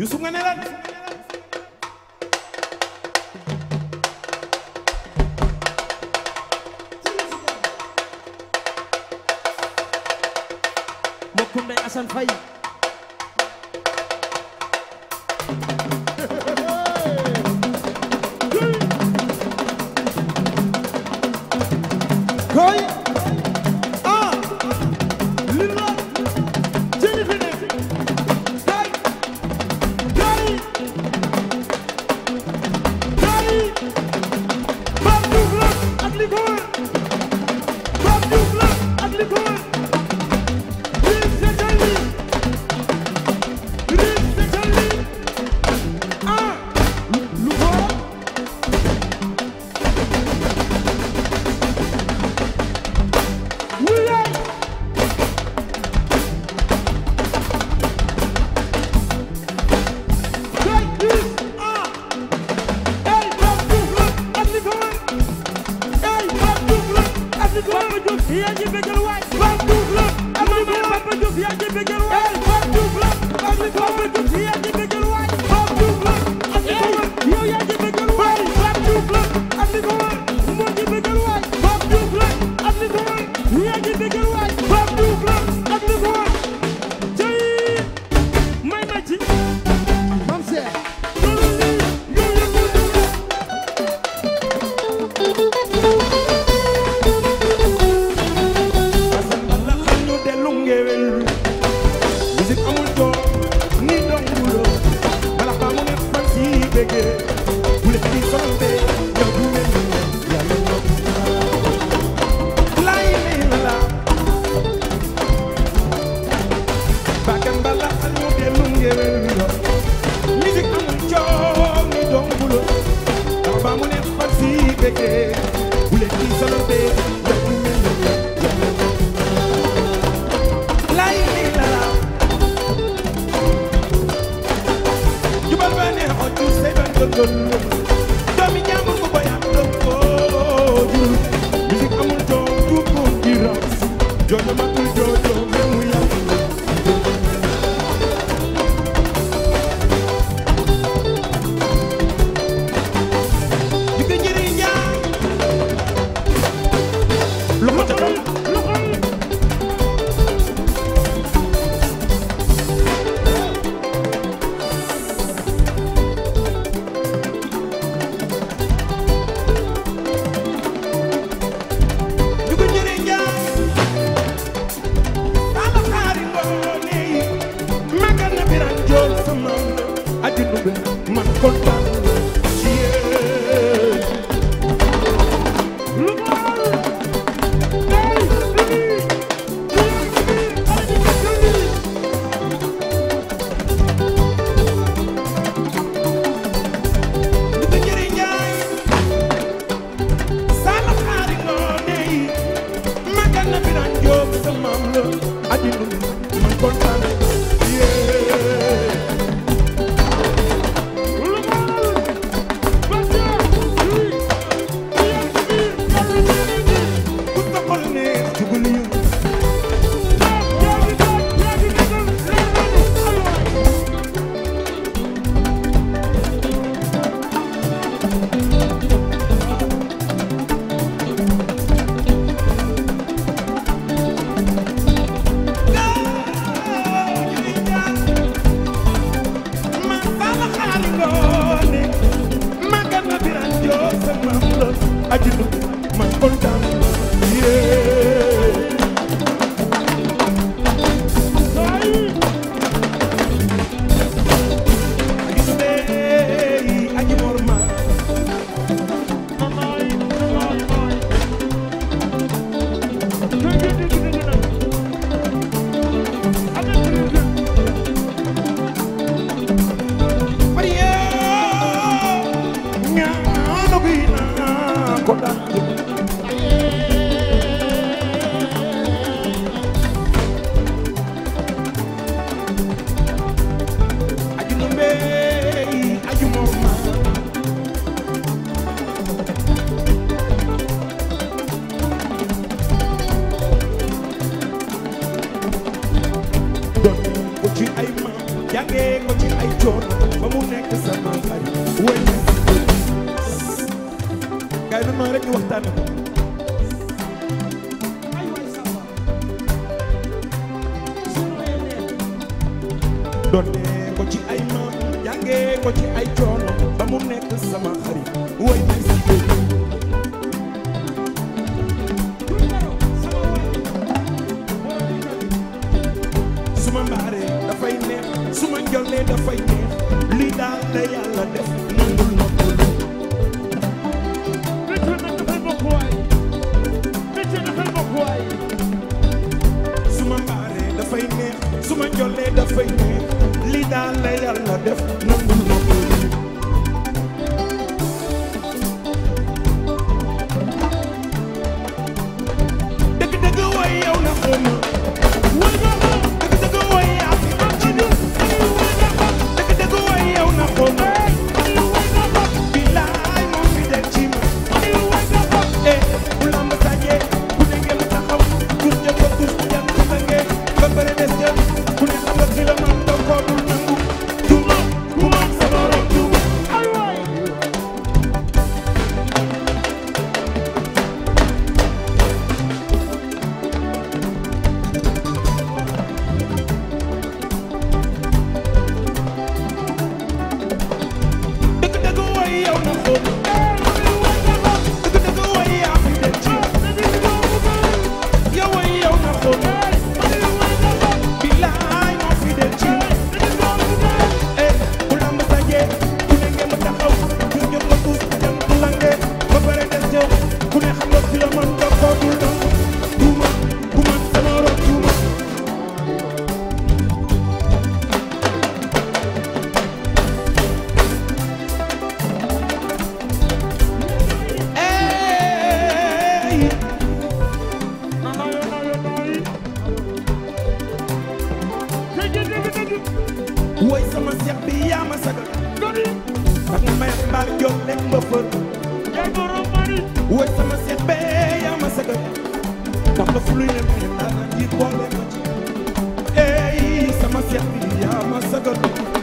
Youssou nga ne lan mbokkum ndey Assane Faye jooy na ma àddina man kontaan ko ci ay maam jàngee ko ci ay coono ba mu nekk sama xarit waaye na nooy rek ñu waxtaane ko donnee ko ci ay noon jàngee ko ci ay coono ba mu nekk sama xarit way nay si dégg su ma mbaaree dafay neex su ma njolee dafay neex lii daal la yàlla def suma a dafay nii li daal a yàlla def yow na woy sama seet bee yaa ma sagal ndax la fu luy ne mu ne naa ji ma ci ey sama seet bi yaa ma sagal